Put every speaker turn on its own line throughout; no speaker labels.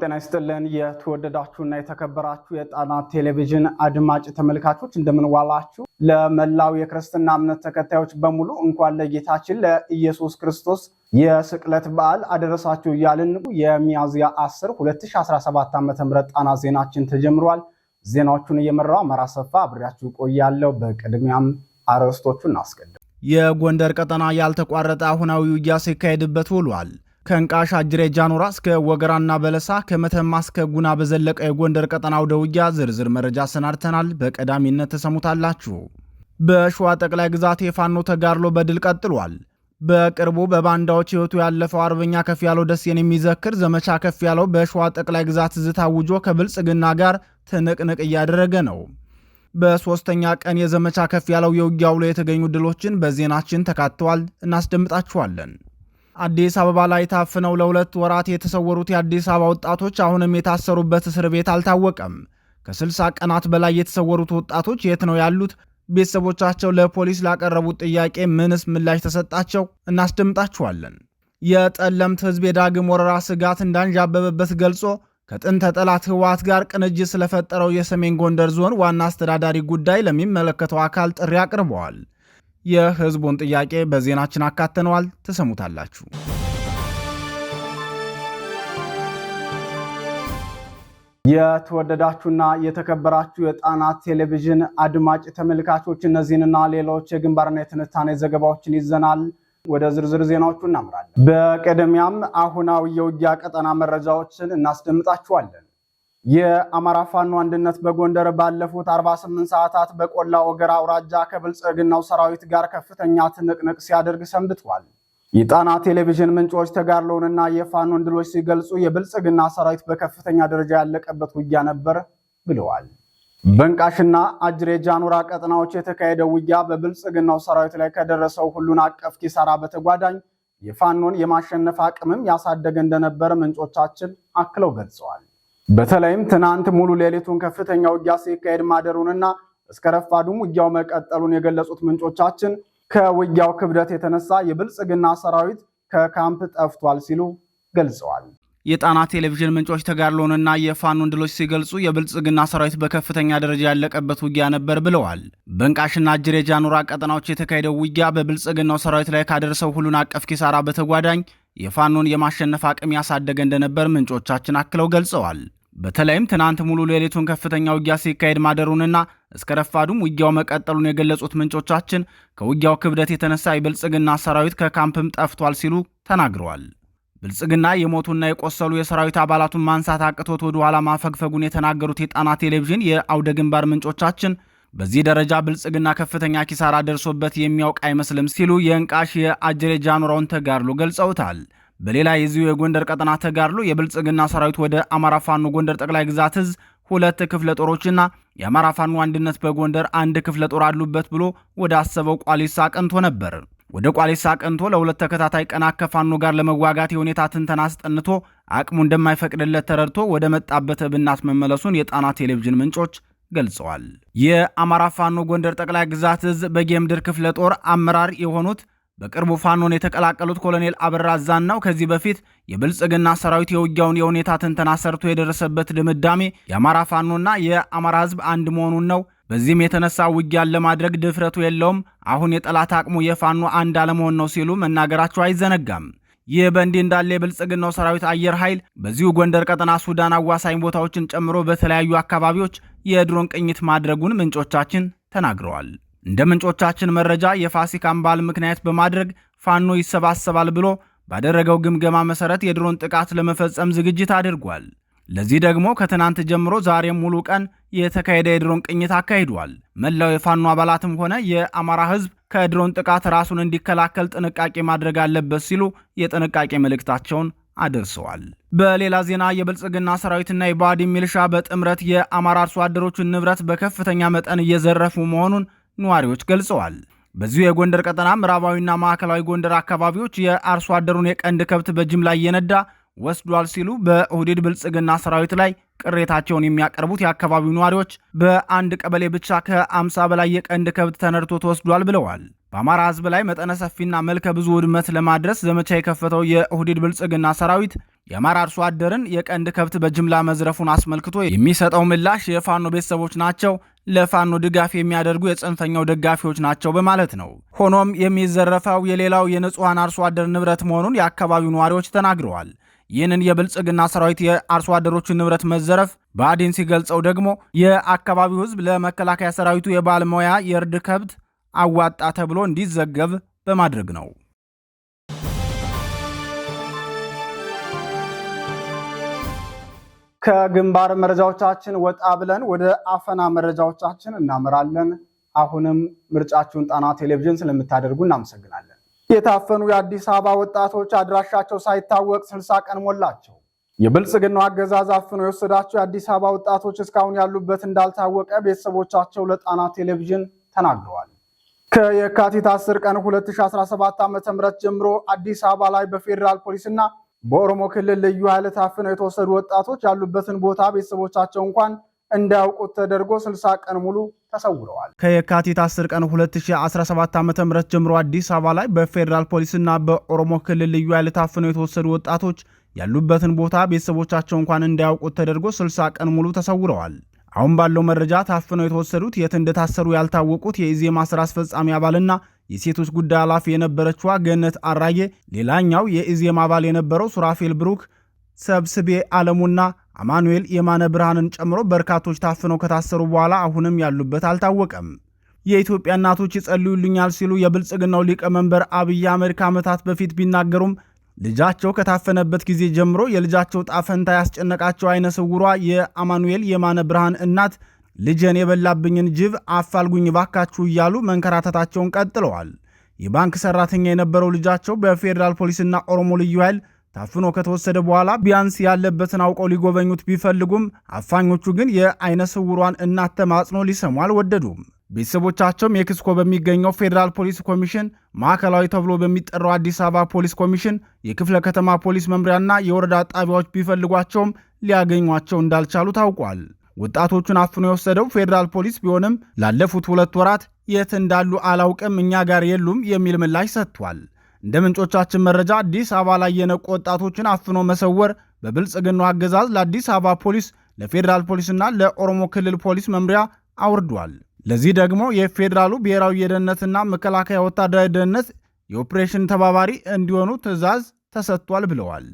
ጤና ይስጥልን የተወደዳችሁና የተከበራችሁ የጣና ቴሌቪዥን አድማጭ ተመልካቾች እንደምንዋላችሁ። ለመላው የክርስትና እምነት ተከታዮች በሙሉ እንኳን ለጌታችን ለኢየሱስ ክርስቶስ የስቅለት በዓል አደረሳችሁ እያልን የሚያዝያ 10 2017 ዓ ም ጣና ዜናችን ተጀምሯል። ዜናዎቹን እየመራው አማራ ሰፋ አብሬያችሁ ቆያለሁ። በቅድሚያም አርዕስቶቹን እናስቀድም።
የጎንደር ቀጠና ያልተቋረጠ አሁናዊ ውጊያ ሲካሄድበት ውሏል። ከእንቃሻ አጅሬ ጃኖራ እስከ ወገራና በለሳ ከመተማ እስከ ጉና በዘለቀ የጎንደር ቀጠና አውደ ውጊያ ዝርዝር መረጃ አሰናድተናል። በቀዳሚነት ተሰሙታላችሁ። በሸዋ ጠቅላይ ግዛት የፋኖ ተጋድሎ በድል ቀጥሏል። በቅርቡ በባንዳዎች ሕይወቱ ያለፈው አርበኛ ከፍ ያለው ደሴን የሚዘክር ዘመቻ ከፍ ያለው በሸዋ ጠቅላይ ግዛት ዝታውጆ ከብልጽግና ጋር ትንቅንቅ እያደረገ ነው። በሶስተኛ ቀን የዘመቻ ከፍ ያለው የውጊያ ውሎ የተገኙ ድሎችን በዜናችን ተካተዋል። እናስደምጣችኋለን። አዲስ አበባ ላይ ታፍነው ለሁለት ወራት የተሰወሩት የአዲስ አበባ ወጣቶች አሁንም የታሰሩበት እስር ቤት አልታወቀም። ከ60 ቀናት በላይ የተሰወሩት ወጣቶች የት ነው ያሉት? ቤተሰቦቻቸው ለፖሊስ ላቀረቡት ጥያቄ ምንስ ምላሽ ተሰጣቸው? እናስደምጣችኋለን። የጠለምት ህዝብ የዳግም ወረራ ስጋት እንዳንዣበበበት ገልጾ ከጥንተ ጠላት ህወሓት ጋር ቅንጅት ስለፈጠረው የሰሜን ጎንደር ዞን ዋና አስተዳዳሪ ጉዳይ ለሚመለከተው አካል ጥሪ አቅርበዋል። የህዝቡን ጥያቄ በዜናችን አካተነዋል፣ ትሰሙታላችሁ።
የተወደዳችሁና የተከበራችሁ የጣና ቴሌቪዥን አድማጭ ተመልካቾች እነዚህንና ሌሎች የግንባርና የትንታኔ ዘገባዎችን ይዘናል። ወደ ዝርዝር ዜናዎቹ እናምራለን። በቀደሚያም አሁናዊ የውጊያ ቀጠና መረጃዎችን እናስደምጣችኋለን። የአማራ ፋኖ አንድነት በጎንደር ባለፉት 48 ሰዓታት በቆላ ወገራ አውራጃ ከብልጽግናው ሰራዊት ጋር ከፍተኛ ትንቅንቅ ሲያደርግ ሰንብቷል። የጣና ቴሌቪዥን ምንጮች ተጋድሎውንና የፋኖ ድሎች ሲገልጹ የብልጽግና ሰራዊት በከፍተኛ ደረጃ ያለቀበት ውጊያ ነበር ብለዋል። በንቃሽና አጅሬ ጃኑራ ቀጠናዎች የተካሄደው ውጊያ በብልጽግናው ሰራዊት ላይ ከደረሰው ሁሉን አቀፍ ኪሳራ በተጓዳኝ የፋኖን የማሸነፍ አቅምም ያሳደገ እንደነበር ምንጮቻችን አክለው ገልጸዋል። በተለይም ትናንት ሙሉ ሌሊቱን ከፍተኛ ውጊያ ሲካሄድ ማደሩንና እስከ ረፋዱም ውጊያው መቀጠሉን የገለጹት ምንጮቻችን ከውጊያው ክብደት የተነሳ የብልጽግና ሰራዊት ከካምፕ ጠፍቷል ሲሉ ገልጸዋል።
የጣና ቴሌቪዥን ምንጮች ተጋድሎንና የፋኖን ድሎች ሲገልጹ የብልጽግና ሰራዊት በከፍተኛ ደረጃ ያለቀበት ውጊያ ነበር ብለዋል። በንቃሽና እጅሬ ጃኑራ ቀጠናዎች የተካሄደው ውጊያ በብልጽግናው ሰራዊት ላይ ካደረሰው ሁሉን አቀፍ ኪሳራ በተጓዳኝ የፋኖን የማሸነፍ አቅም ያሳደገ እንደነበር ምንጮቻችን አክለው ገልጸዋል። በተለይም ትናንት ሙሉ ሌሊቱን ከፍተኛ ውጊያ ሲካሄድ ማደሩንና እስከ ረፋዱም ውጊያው መቀጠሉን የገለጹት ምንጮቻችን ከውጊያው ክብደት የተነሳ የብልጽግና ሰራዊት ከካምፕም ጠፍቷል ሲሉ ተናግረዋል። ብልጽግና የሞቱና የቆሰሉ የሰራዊት አባላቱን ማንሳት አቅቶት ወደ ኋላ ማፈግፈጉን የተናገሩት የጣና ቴሌቪዥን የአውደ ግንባር ምንጮቻችን በዚህ ደረጃ ብልጽግና ከፍተኛ ኪሳራ ደርሶበት የሚያውቅ አይመስልም ሲሉ የእንቃሽ የአጀሬ ጃኑራውን ተጋድሎ ገልጸውታል። በሌላ የዚሁ የጎንደር ቀጠና ተጋድሎ የብልጽግና ሰራዊት ወደ አማራ ፋኖ ጎንደር ጠቅላይ ግዛት እዝ ሁለት ክፍለ ጦሮችና የአማራ ፋኖ አንድነት በጎንደር አንድ ክፍለ ጦር አሉበት ብሎ ወደ አሰበው ቋሊሳ አቅንቶ ነበር። ወደ ቋሊሳ አቅንቶ ለሁለት ተከታታይ ቀናት ከፋኖ ጋር ለመዋጋት የሁኔታ ትንተና አስጠንቶ አቅሙ እንደማይፈቅድለት ተረድቶ ወደ መጣበት እብናት መመለሱን የጣና ቴሌቪዥን ምንጮች ገልጸዋል። የአማራ ፋኖ ጎንደር ጠቅላይ ግዛት እዝ በጌምድር ክፍለ ጦር አመራር የሆኑት በቅርቡ ፋኖን የተቀላቀሉት ኮሎኔል አበራ ዛናው ከዚህ በፊት የብልጽግና ሰራዊት የውጊያውን የሁኔታ ትንተና ሰርቶ የደረሰበት ድምዳሜ የአማራ ፋኖና የአማራ ህዝብ አንድ መሆኑን ነው። በዚህም የተነሳ ውጊያን ለማድረግ ድፍረቱ የለውም። አሁን የጠላት አቅሙ የፋኖ አንድ አለመሆን ነው ሲሉ መናገራቸው አይዘነጋም። ይህ በእንዲህ እንዳለ የብልጽግናው ሰራዊት አየር ኃይል በዚሁ ጎንደር ቀጠና ሱዳን አዋሳኝ ቦታዎችን ጨምሮ በተለያዩ አካባቢዎች የድሮን ቅኝት ማድረጉን ምንጮቻችን ተናግረዋል። እንደ ምንጮቻችን መረጃ የፋሲካን በዓል ምክንያት በማድረግ ፋኖ ይሰባሰባል ብሎ ባደረገው ግምገማ መሰረት የድሮን ጥቃት ለመፈጸም ዝግጅት አድርጓል። ለዚህ ደግሞ ከትናንት ጀምሮ ዛሬም ሙሉ ቀን የተካሄደ የድሮን ቅኝት አካሂዷል። መላው የፋኖ አባላትም ሆነ የአማራ ህዝብ ከድሮን ጥቃት ራሱን እንዲከላከል ጥንቃቄ ማድረግ አለበት ሲሉ የጥንቃቄ መልእክታቸውን አደርሰዋል። በሌላ ዜና የብልጽግና ሰራዊትና የባዲ ሚልሻ በጥምረት የአማራ አርሶ አደሮችን ንብረት በከፍተኛ መጠን እየዘረፉ መሆኑን ነዋሪዎች ገልጸዋል። በዚሁ የጎንደር ቀጠና ምዕራባዊና ማዕከላዊ ጎንደር አካባቢዎች የአርሶ አደሩን የቀንድ ከብት በጅምላ እየነዳ ወስዷል ሲሉ በኦህዴድ ብልጽግና ሰራዊት ላይ ቅሬታቸውን የሚያቀርቡት የአካባቢው ነዋሪዎች በአንድ ቀበሌ ብቻ ከአምሳ በላይ የቀንድ ከብት ተነድቶ ተወስዷል ብለዋል። በአማራ ሕዝብ ላይ መጠነ ሰፊና መልከ ብዙ ውድመት ለማድረስ ዘመቻ የከፈተው የኦህዴድ ብልጽግና ሰራዊት የአማራ አርሶ አደርን የቀንድ ከብት በጅምላ መዝረፉን አስመልክቶ የሚሰጠው ምላሽ የፋኖ ቤተሰቦች ናቸው፣ ለፋኖ ድጋፍ የሚያደርጉ የጽንፈኛው ደጋፊዎች ናቸው በማለት ነው። ሆኖም የሚዘረፈው የሌላው የንጹሐን አርሶ አደር ንብረት መሆኑን የአካባቢው ነዋሪዎች ተናግረዋል። ይህንን የብልጽግና ሰራዊት የአርሶ አደሮቹን ንብረት መዘረፍ ብአዴን ሲገልጸው ደግሞ የአካባቢው ህዝብ ለመከላከያ ሰራዊቱ የባለሙያ የእርድ ከብት አዋጣ ተብሎ እንዲዘገብ በማድረግ ነው።
ከግንባር መረጃዎቻችን ወጣ ብለን ወደ አፈና መረጃዎቻችን እናመራለን። አሁንም ምርጫችሁን ጣና ቴሌቪዥን ስለምታደርጉ እናመሰግናለን። የታፈኑ የአዲስ አበባ ወጣቶች አድራሻቸው ሳይታወቅ ስልሳ ቀን ሞላቸው። የብልጽግናው አገዛዝ አፍኖ የወሰዳቸው የአዲስ አበባ ወጣቶች እስካሁን ያሉበት እንዳልታወቀ ቤተሰቦቻቸው ለጣና ቴሌቪዥን ተናግረዋል። ከየካቲት 10 ቀን 2017 ዓ.ም ጀምሮ አዲስ አበባ ላይ በፌዴራል ፖሊስና በኦሮሞ ክልል ልዩ ኃይል ታፍነው የተወሰዱ ወጣቶች ያሉበትን ቦታ ቤተሰቦቻቸው እንኳን እንዳያውቁት ተደርጎ 60 ቀን ሙሉ ተሰውረዋል።
ከየካቲት 10 ቀን 2017 ዓ ም ጀምሮ አዲስ አበባ ላይ በፌዴራል ፖሊስና በኦሮሞ ክልል ልዩ ኃይል ታፍነው የተወሰዱ ወጣቶች ያሉበትን ቦታ ቤተሰቦቻቸው እንኳን እንዳያውቁት ተደርጎ 60 ቀን ሙሉ ተሰውረዋል። አሁን ባለው መረጃ ታፍነው የተወሰዱት የት እንደታሰሩ ያልታወቁት የኢዜማ ስራ አስፈጻሚ አባልና የሴቶች ጉዳይ ኃላፊ የነበረችዋ ገነት አራዬ፣ ሌላኛው የኢዜማ አባል የነበረው ሱራፌል ብሩክ፣ ሰብስቤ አለሙና አማኑኤል የማነ ብርሃንን ጨምሮ በርካቶች ታፍነው ከታሰሩ በኋላ አሁንም ያሉበት አልታወቀም። የኢትዮጵያ እናቶች ይጸልዩልኛል ሲሉ የብልጽግናው ሊቀመንበር አብይ አህመድ ከዓመታት በፊት ቢናገሩም ልጃቸው ከታፈነበት ጊዜ ጀምሮ የልጃቸው ጣፈንታ ያስጨነቃቸው አይነ ስውሯ የአማኑኤል የማነ ብርሃን እናት ልጄን የበላብኝን ጅብ አፋልጉኝ ባካችሁ እያሉ መንከራተታቸውን ቀጥለዋል። የባንክ ሰራተኛ የነበረው ልጃቸው በፌዴራል ፖሊስና ኦሮሞ ልዩ ኃይል ታፍኖ ከተወሰደ በኋላ ቢያንስ ያለበትን አውቀው ሊጎበኙት ቢፈልጉም አፋኞቹ ግን የአይነ ስውሯን እናት ተማጽኖ ሊሰሙ አልወደዱም። ቤተሰቦቻቸው ሜክሲኮ በሚገኘው ፌዴራል ፖሊስ ኮሚሽን ማዕከላዊ ተብሎ በሚጠራው አዲስ አበባ ፖሊስ ኮሚሽን የክፍለ ከተማ ፖሊስ መምሪያና የወረዳ ጣቢያዎች ቢፈልጓቸውም ሊያገኟቸው እንዳልቻሉ ታውቋል። ወጣቶቹን አፍኖ የወሰደው ፌዴራል ፖሊስ ቢሆንም ላለፉት ሁለት ወራት የት እንዳሉ አላውቅም፣ እኛ ጋር የሉም የሚል ምላሽ ሰጥቷል። እንደ ምንጮቻችን መረጃ አዲስ አበባ ላይ የነቁ ወጣቶችን አፍኖ መሰወር በብልጽግናው አገዛዝ ለአዲስ አበባ ፖሊስ፣ ለፌዴራል ፖሊስና ለኦሮሞ ክልል ፖሊስ መምሪያ አውርዷል። ለዚህ ደግሞ የፌዴራሉ ብሔራዊ የደህንነትና መከላከያ ወታደራዊ ደህንነት የኦፕሬሽን ተባባሪ እንዲሆኑ ትዕዛዝ ተሰጥቷል ብለዋል።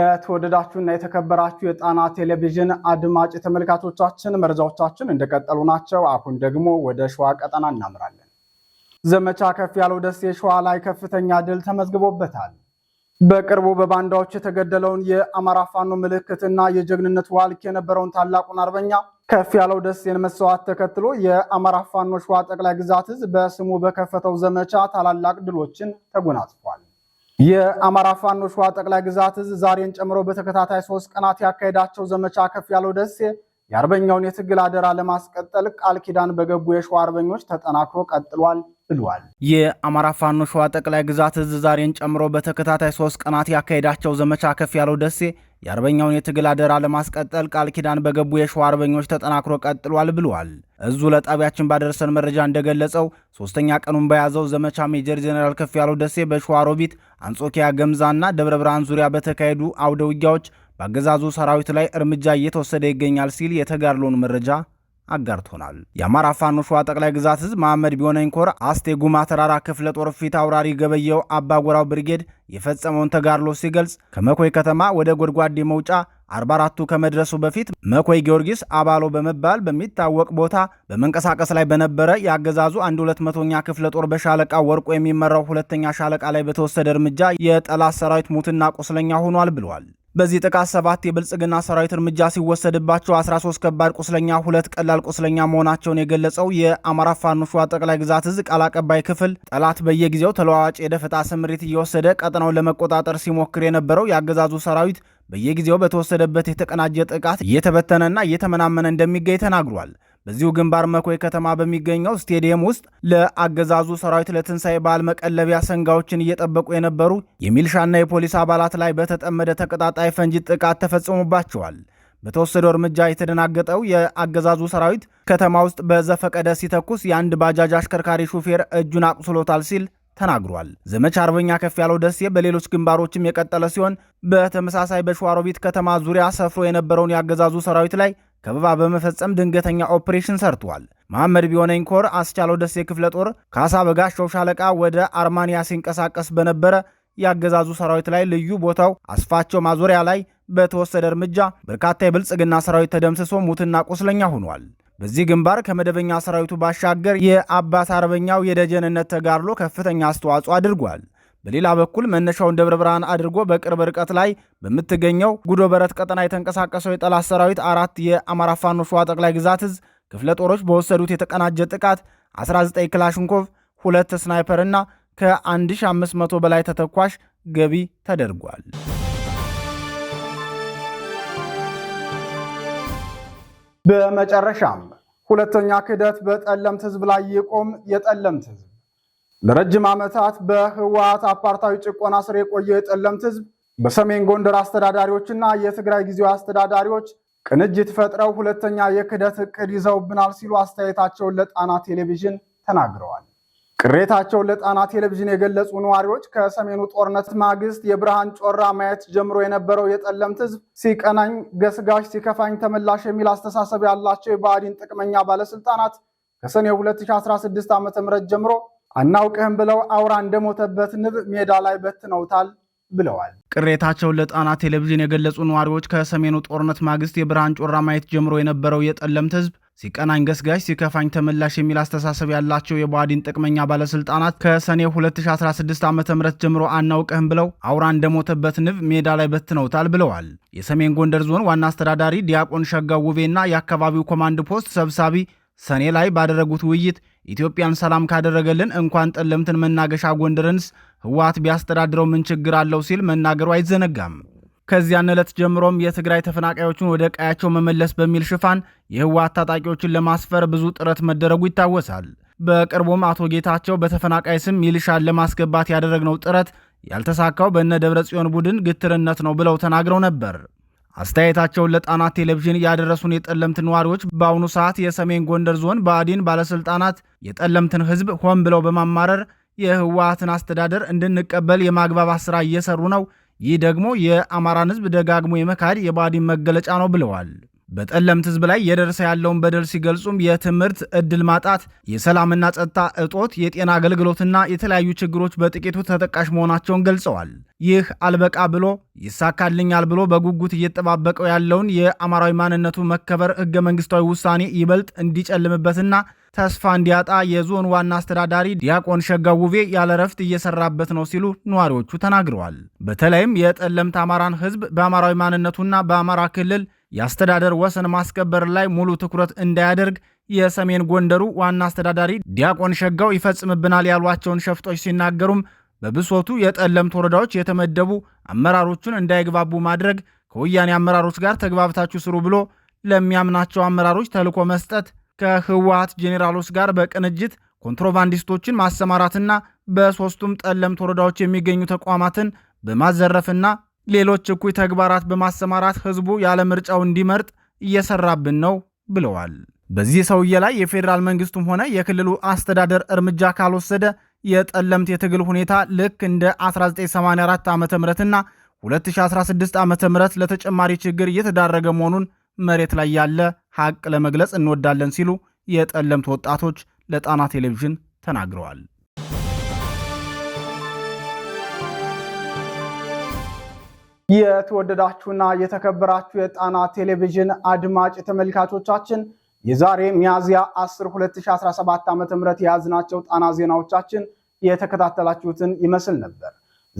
የተወደዳችሁና የተከበራችሁ የጣና ቴሌቪዥን አድማጭ ተመልካቾቻችን መረጃዎቻችን እንደቀጠሉ ናቸው። አሁን ደግሞ ወደ ሸዋ ቀጠና እናምራለን። ዘመቻ ከፍ ያለው ደሴ ሸዋ ላይ ከፍተኛ ድል ተመዝግቦበታል። በቅርቡ በባንዳዎች የተገደለውን የአማራ ፋኖ ምልክትና የጀግንነት ዋልክ የነበረውን ታላቁን አርበኛ ከፍ ያለው ደሴን መስዋዕት ተከትሎ የአማራ ፋኖ ሸዋ ጠቅላይ ግዛት እዝ በስሙ በከፈተው ዘመቻ ታላላቅ ድሎችን ተጎናጽፏል። የአማራ ፋኖ ሸዋ ጠቅላይ ግዛት እዝ ዛሬን ጨምሮ በተከታታይ ሶስት ቀናት ያካሄዳቸው ዘመቻ ከፍ ያለው ደሴ የአርበኛውን የትግል አደራ ለማስቀጠል ቃል ኪዳን በገቡ የሸዋ አርበኞች ተጠናክሮ ቀጥሏል። ብሏል።
የአማራ ፋኖ ሸዋ ጠቅላይ ግዛት እዝ ዛሬን ጨምሮ በተከታታይ ሶስት ቀናት ያካሄዳቸው ዘመቻ ከፍ ያለው ደሴ የአርበኛውን የትግል አደራ ለማስቀጠል ቃል ኪዳን በገቡ የሸዋ አርበኞች ተጠናክሮ ቀጥሏል ብለዋል። እዙ ለጣቢያችን ባደረሰን መረጃ እንደገለጸው ሶስተኛ ቀኑን በያዘው ዘመቻ ሜጀር ጄኔራል ከፍ ያለው ደሴ በሸዋ ሮቢት፣ አንጾኪያ፣ ገምዛና ደብረ ብርሃን ዙሪያ በተካሄዱ አውደ ውጊያዎች በአገዛዙ ሰራዊት ላይ እርምጃ እየተወሰደ ይገኛል ሲል የተጋድሎውን መረጃ አጋርቶናል። የአማራ ፋኖ ሸዋ ጠቅላይ ግዛት ህዝብ መሐመድ ቢሆነኝ ኮር አስቴ ጉማ ተራራ ክፍለ ጦር ፊት አውራሪ ገበየው አባጎራው ብርጌድ የፈጸመውን ተጋድሎ ሲገልጽ ከመኮይ ከተማ ወደ ጎድጓዴ መውጫ 44ቱ ከመድረሱ በፊት መኮይ ጊዮርጊስ አባሎ በመባል በሚታወቅ ቦታ በመንቀሳቀስ ላይ በነበረ የአገዛዙ 1200ኛ ክፍለ ጦር በሻለቃ ወርቆ የሚመራው ሁለተኛ ሻለቃ ላይ በተወሰደ እርምጃ የጠላት ሰራዊት ሙትና ቁስለኛ ሆኗል ብሏል። በዚህ ጥቃት ሰባት የብልጽግና ሰራዊት እርምጃ ሲወሰድባቸው 13 ከባድ ቁስለኛ፣ ሁለት ቀላል ቁስለኛ መሆናቸውን የገለጸው የአማራ ፋኖ ሸዋ ጠቅላይ ግዛት እዝ ቃል አቀባይ ክፍል ጠላት በየጊዜው ተለዋዋጭ የደፈጣ ስምሪት እየወሰደ ቀጠናውን ለመቆጣጠር ሲሞክር የነበረው የአገዛዙ ሰራዊት በየጊዜው በተወሰደበት የተቀናጀ ጥቃት እየተበተነና እየተመናመነ እንደሚገኝ ተናግሯል። በዚሁ ግንባር መኮይ ከተማ በሚገኘው ስቴዲየም ውስጥ ለአገዛዙ ሰራዊት ለትንሣኤ በዓል መቀለቢያ ሰንጋዎችን እየጠበቁ የነበሩ የሚልሻና የፖሊስ አባላት ላይ በተጠመደ ተቀጣጣይ ፈንጂ ጥቃት ተፈጽሞባቸዋል። በተወሰደው እርምጃ የተደናገጠው የአገዛዙ ሰራዊት ከተማ ውስጥ በዘፈቀደ ሲተኩስ የአንድ ባጃጅ አሽከርካሪ ሹፌር እጁን አቁስሎታል ሲል ተናግሯል። ዘመቻ አርበኛ ከፍ ያለው ደሴ በሌሎች ግንባሮችም የቀጠለ ሲሆን በተመሳሳይ በሸዋሮቢት ከተማ ዙሪያ ሰፍሮ የነበረውን የአገዛዙ ሰራዊት ላይ ከበባ በመፈጸም ድንገተኛ ኦፕሬሽን ሰርቷል። መሐመድ ቢሆነኝ ኮር አስቻለው ደሴ ክፍለ ጦር ካሳ በጋሻው ሻለቃ ወደ አርማንያ ሲንቀሳቀስ በነበረ የአገዛዙ ሰራዊት ላይ ልዩ ቦታው አስፋቸው ማዞሪያ ላይ በተወሰደ እርምጃ በርካታ የብልጽግና ሰራዊት ተደምስሶ ሙትና ቁስለኛ ሆኗል። በዚህ ግንባር ከመደበኛ ሰራዊቱ ባሻገር የአባት አርበኛው የደጀንነት ተጋድሎ ከፍተኛ አስተዋጽኦ አድርጓል። በሌላ በኩል መነሻውን ደብረ ብርሃን አድርጎ በቅርብ ርቀት ላይ በምትገኘው ጉዶ በረት ቀጠና የተንቀሳቀሰው የጠላት ሰራዊት አራት የአማራ ፋኖ ሸዋ ጠቅላይ ግዛት እዝ ክፍለ ጦሮች በወሰዱት የተቀናጀ ጥቃት 19 ክላሽንኮቭ፣ ሁለት ስናይፐር እና ከ1500 በላይ ተተኳሽ ገቢ ተደርጓል።
በመጨረሻም ሁለተኛ ክህደት በጠለምት ህዝብ ላይ ይቆም። የጠለምት ህዝብ ለረጅም ዓመታት በህወሓት አፓርታዊ ጭቆና ስር የቆየ የጠለምት ህዝብ በሰሜን ጎንደር አስተዳዳሪዎችና የትግራይ ጊዜያዊ አስተዳዳሪዎች ቅንጅት ፈጥረው ሁለተኛ የክደት እቅድ ይዘውብናል ሲሉ አስተያየታቸውን ለጣና ቴሌቪዥን ተናግረዋል። ቅሬታቸውን ለጣና ቴሌቪዥን የገለጹ ነዋሪዎች ከሰሜኑ ጦርነት ማግስት የብርሃን ጮራ ማየት ጀምሮ የነበረው የጠለምት ህዝብ ሲቀናኝ ገስጋሽ፣ ሲከፋኝ ተመላሽ የሚል አስተሳሰብ ያላቸው የብአዴን ጥቅመኛ ባለስልጣናት ከሰኔ 2016 ዓ ም ጀምሮ አናውቅህም ብለው አውራ እንደሞተበት ንብ ሜዳ ላይ በትነውታል ብለዋል።
ቅሬታቸውን ለጣና ቴሌቪዥን የገለጹ ነዋሪዎች ከሰሜኑ ጦርነት ማግስት የብርሃን ጮራ ማየት ጀምሮ የነበረው የጠለምት ህዝብ ሲቀናኝ ገስጋሽ ሲከፋኝ ተመላሽ የሚል አስተሳሰብ ያላቸው የባዲን ጥቅመኛ ባለስልጣናት ከሰኔ 2016 ዓ ም ጀምሮ አናውቅህም ብለው አውራ እንደሞተበት ንብ ሜዳ ላይ በትነውታል ብለዋል። የሰሜን ጎንደር ዞን ዋና አስተዳዳሪ ዲያቆን ሸጋው ውቤና የአካባቢው ኮማንድ ፖስት ሰብሳቢ ሰኔ ላይ ባደረጉት ውይይት ኢትዮጵያን ሰላም ካደረገልን እንኳን ጠለምትን መናገሻ ጎንደርንስ ህወሓት ቢያስተዳድረው ምን ችግር አለው ሲል መናገሩ አይዘነጋም። ከዚያን ዕለት ጀምሮም የትግራይ ተፈናቃዮችን ወደ ቀያቸው መመለስ በሚል ሽፋን የህወሓት ታጣቂዎችን ለማስፈር ብዙ ጥረት መደረጉ ይታወሳል። በቅርቡም አቶ ጌታቸው በተፈናቃይ ስም ሚሊሻን ለማስገባት ያደረግነው ጥረት ያልተሳካው በእነ ደብረ ጽዮን ቡድን ግትርነት ነው ብለው ተናግረው ነበር። አስተያየታቸውን ለጣና ቴሌቪዥን ያደረሱን የጠለምት ነዋሪዎች በአሁኑ ሰዓት የሰሜን ጎንደር ዞን ብአዴን ባለስልጣናት የጠለምትን ህዝብ ሆን ብለው በማማረር የህወሓትን አስተዳደር እንድንቀበል የማግባባት ስራ እየሰሩ ነው። ይህ ደግሞ የአማራን ህዝብ ደጋግሞ የመካድ የብአዴን መገለጫ ነው ብለዋል። በጠለምት ህዝብ ላይ የደረሰ ያለውን በደል ሲገልጹም የትምህርት እድል ማጣት፣ የሰላምና ጸጥታ እጦት፣ የጤና አገልግሎትና የተለያዩ ችግሮች በጥቂቱ ተጠቃሽ መሆናቸውን ገልጸዋል። ይህ አልበቃ ብሎ ይሳካልኛል ብሎ በጉጉት እየተጠባበቀው ያለውን የአማራዊ ማንነቱ መከበር ህገ መንግስታዊ ውሳኔ ይበልጥ እንዲጨልምበትና ተስፋ እንዲያጣ የዞን ዋና አስተዳዳሪ ዲያቆን ሸጋውቤ ውቤ ያለ ረፍት እየሰራበት ነው ሲሉ ነዋሪዎቹ ተናግረዋል። በተለይም የጠለምት አማራን ህዝብ በአማራዊ ማንነቱና በአማራ ክልል የአስተዳደር ወሰን ማስከበር ላይ ሙሉ ትኩረት እንዳያደርግ የሰሜን ጎንደሩ ዋና አስተዳዳሪ ዲያቆን ሸጋው ይፈጽምብናል ያሏቸውን ሸፍጦች ሲናገሩም በብሶቱ የጠለምት ወረዳዎች የተመደቡ አመራሮቹን እንዳይግባቡ ማድረግ፣ ከወያኔ አመራሮች ጋር ተግባብታችሁ ስሩ ብሎ ለሚያምናቸው አመራሮች ተልኮ መስጠት፣ ከህወሀት ጄኔራሎች ጋር በቅንጅት ኮንትሮባንዲስቶችን ማሰማራትና በሶስቱም ጠለምት ወረዳዎች የሚገኙ ተቋማትን በማዘረፍና ሌሎች እኩይ ተግባራት በማሰማራት ህዝቡ ያለ ምርጫው እንዲመርጥ እየሰራብን ነው ብለዋል። በዚህ ሰውዬ ላይ የፌዴራል መንግስቱም ሆነ የክልሉ አስተዳደር እርምጃ ካልወሰደ የጠለምት የትግል ሁኔታ ልክ እንደ 1984 ዓ ምና 2016 ዓ ም ለተጨማሪ ችግር እየተዳረገ መሆኑን መሬት ላይ ያለ ሀቅ ለመግለጽ እንወዳለን ሲሉ የጠለምት ወጣቶች ለጣና ቴሌቪዥን ተናግረዋል።
የተወደዳችሁና የተከበራችሁ የጣና ቴሌቪዥን አድማጭ ተመልካቾቻችን የዛሬ ሚያዝያ 10 2017 ዓ.ም የያዝናቸው ጣና ዜናዎቻችን የተከታተላችሁትን ይመስል ነበር።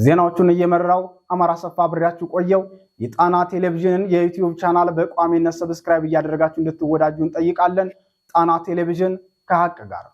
ዜናዎቹን እየመራው አማራ ሰፋ ብሬያችሁ ቆየው። የጣና ቴሌቪዥንን የዩቲዩብ ቻናል በቋሚነት ሰብስክራይብ እያደረጋችሁ እንድትወዳጁ እንጠይቃለን። ጣና ቴሌቪዥን ከሀቅ ጋር